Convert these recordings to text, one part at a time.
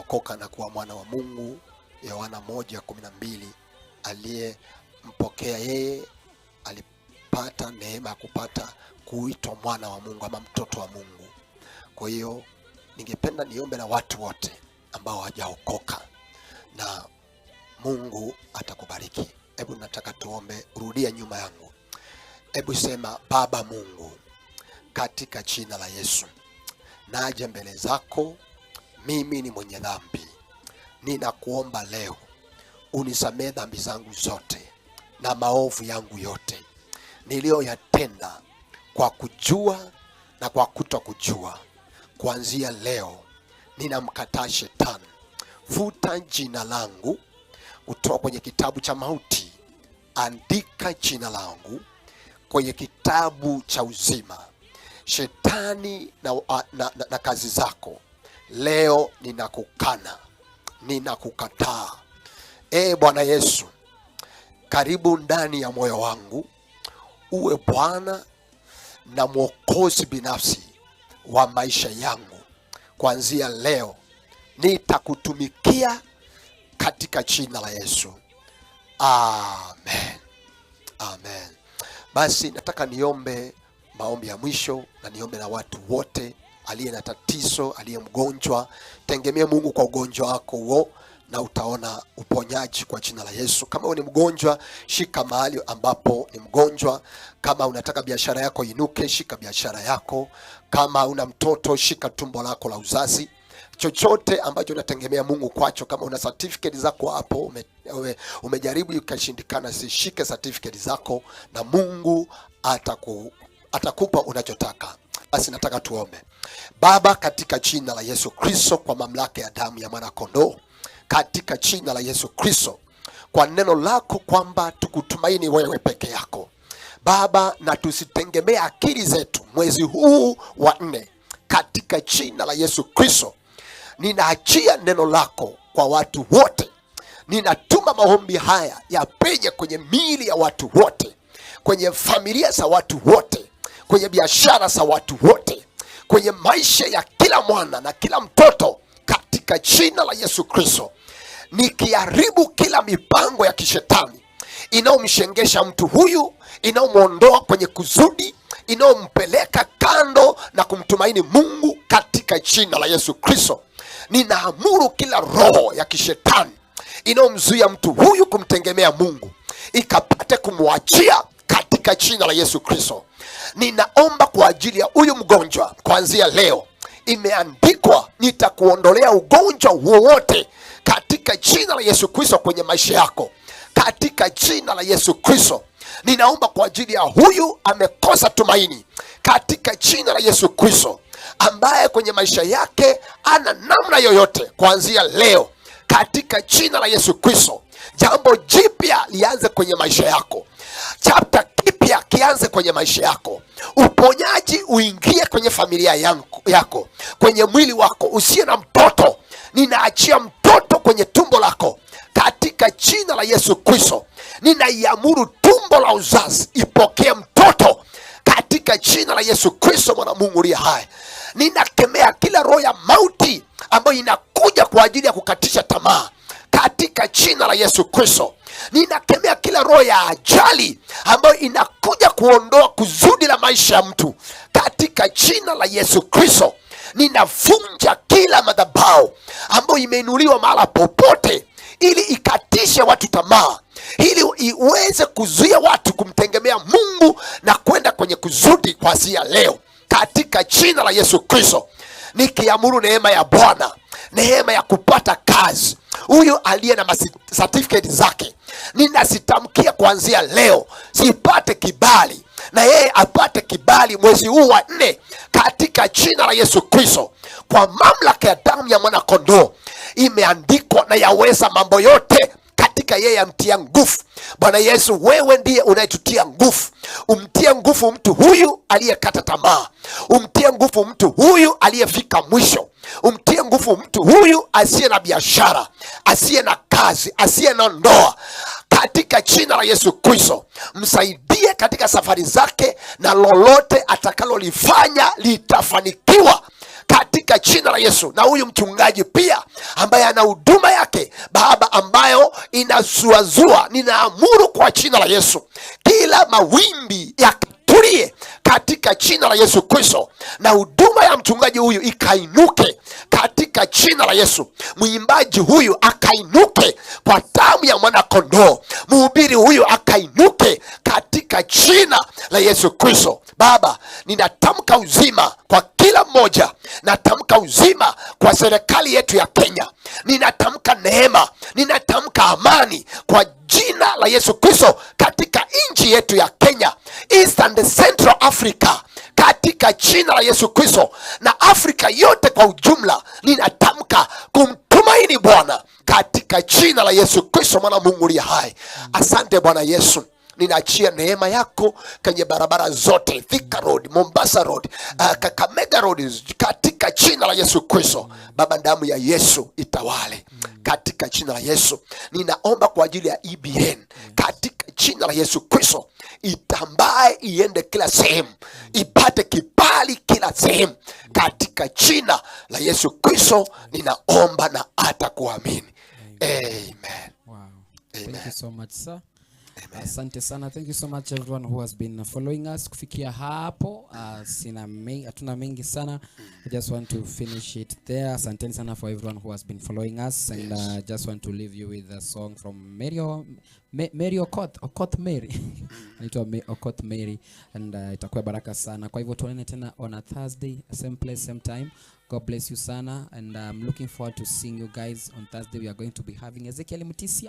okoka na kuwa mwana wa Mungu, Yohana moja kumi na mbili. Aliyempokea yeye alipata neema ya kupata kuitwa mwana wa Mungu ama mtoto wa Mungu. Kwa hiyo ningependa niombe na watu wote ambao hawajaokoka, na Mungu atakubariki. Hebu nataka tuombe, rudia nyuma yangu. Hebu sema: Baba Mungu, katika jina la Yesu naja mbele zako mimi ni mwenye dhambi, ninakuomba leo unisamehe dhambi zangu zote na maovu yangu yote niliyoyatenda kwa kujua na kwa kujua Kuanzia leo ninamkataa Shetani, futa jina langu kutoka kwenye kitabu cha mauti, andika jina langu kwenye kitabu cha uzima. Shetani na, na, na, na kazi zako leo ninakukana, ninakukataa. Ee Bwana Yesu, karibu ndani ya moyo wangu, uwe Bwana na mwokozi binafsi wa maisha yangu. Kuanzia leo nitakutumikia katika jina la Yesu, amen, amen. Basi nataka niombe maombi ya mwisho na niombe na watu wote aliye na tatizo, aliye mgonjwa, tengemea Mungu kwa ugonjwa wako huo na utaona uponyaji kwa jina la Yesu. Kama wewe ni mgonjwa, shika mahali ambapo ni mgonjwa. Kama unataka biashara yako inuke, shika biashara yako. Kama una mtoto, shika tumbo lako la uzazi. Chochote ambacho unategemea Mungu kwacho, kama una certificate zako hapo ume, umejaribu ikashindikana, zishike certificate zako na Mungu ataku, atakupa unachotaka. Basi nataka tuombe. Baba, katika jina la Yesu Kristo, kwa mamlaka ya damu ya mwanakondoo, katika jina la Yesu Kristo, kwa neno lako kwamba tukutumaini wewe peke yako Baba, na tusitegemee akili zetu mwezi huu wa nne, katika jina la Yesu Kristo. Ninaachia neno lako kwa watu wote, ninatuma maombi haya yapenye kwenye miili ya watu wote, kwenye familia za watu wote, kwenye biashara za watu wote kwenye maisha ya kila mwana na kila mtoto katika jina la Yesu Kristo, nikiharibu kila mipango ya kishetani inayomshengesha mtu huyu, inayomwondoa kwenye kuzudi, inayompeleka kando na kumtumaini Mungu katika jina la Yesu Kristo. Ninaamuru kila roho ya kishetani inayomzuia mtu huyu kumtegemea Mungu ikapate kumwachia katika jina la Yesu Kristo ninaomba kwa ajili ya huyu mgonjwa kuanzia leo, imeandikwa nitakuondolea ugonjwa wowote katika jina la Yesu Kristo kwenye maisha yako, katika jina la Yesu Kristo. Ninaomba kwa ajili ya huyu amekosa tumaini katika jina la Yesu Kristo, ambaye kwenye maisha yake ana namna yoyote, kuanzia leo katika jina la Yesu Kristo, jambo jipya lianze kwenye maisha yako. Chapter kipya kianze kwenye maisha yako, uponyaji uingie kwenye familia yako kwenye mwili wako, usiye na mtoto. Ninaachia mtoto kwenye tumbo lako katika jina la Yesu Kristo. Ninaiamuru tumbo la uzazi ipokee mtoto katika jina la Yesu Kristo, mwana Mungu haya hai. Ninakemea kila roho ya mauti ambayo inakuja kwa ajili ya kukatisha tamaa katika jina la Yesu Kristo. Ninakemea kila roho ya ajali ambayo inakuja kuondoa kuzudi la maisha ya mtu katika jina la Yesu Kristo. Ninavunja kila madhabahu ambayo imeinuliwa mahala popote ili ikatishe watu tamaa, ili iweze kuzuia watu kumtegemea Mungu na kwenda kwenye kuzudi kusudi ya leo katika jina la Yesu Kristo, nikiamuru neema ya Bwana, neema ya kupata kazi huyu aliye na certificate zake, ninasitamkia kuanzia leo sipate kibali na yeye apate kibali mwezi huu wa nne katika jina la Yesu Kristo, kwa mamlaka ya damu ya mwana kondoo imeandikwa na yaweza mambo yote katika yeye amtia nguvu. Bwana Yesu, wewe ndiye unayetutia nguvu. Umtie nguvu mtu huyu aliyekata tamaa, umtie nguvu mtu huyu aliyefika mwisho, umtie nguvu mtu huyu asiye na biashara, asiye na kazi, asiye na ndoa katika jina la Yesu Kristo, msaidie katika safari zake, na lolote atakalolifanya litafanikiwa katika jina la Yesu. Na huyu mchungaji pia ambaye ana huduma yake Baba ambayo inazuazua, ninaamuru kwa jina la Yesu kila mawimbi yakatulie katika jina la Yesu Kristo, na huduma ya mchungaji huyu ikainuke katika jina la Yesu. Mwimbaji huyu akainuke kwa damu ya mwana kondoo, mhubiri huyu akainuke jina la Yesu Kristo. Baba, ninatamka uzima kwa kila mmoja, natamka uzima kwa serikali yetu ya Kenya, ninatamka neema, ninatamka amani kwa jina la Yesu Kristo katika nchi yetu ya Kenya, East and Central Africa katika jina la Yesu Kristo na Afrika yote kwa ujumla, ninatamka kumtumaini Bwana katika jina la Yesu Kristo mwana Mungu aliye hai. Asante Bwana Yesu ninaachia neema yako kwenye barabara zote, Thika Road, Mombasa Road, uh, Kakamega Road, katika jina la Yesu Kristo. Baba, damu ya Yesu itawale katika jina la Yesu. Ninaomba kwa ajili ya EBN katika jina la Yesu Kristo, itambae iende kila sehemu, ipate kibali kila sehemu, katika jina la Yesu Kristo ninaomba na hata kuamini. Amen. Amen. Wow. Amen. Thank you so much, sir. Asante sana. Thank you so much everyone who has been following us. Kufikia hapo, uh, sina mengi, sana. I just want to finish it there. Asante sana for everyone who has been following us and uh, just want to leave you with a song from Mario Mary Okoth, Okoth Mary. Mm. Anaitwa Okoth Mary and uh, itakuwa baraka sana. Kwa hivyo tuonane tena on a Thursday, same place, same time. God bless you sana and uh, I'm looking forward to seeing you guys on Thursday. We are going to be having Ezekiel Mutisia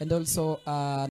and also uh,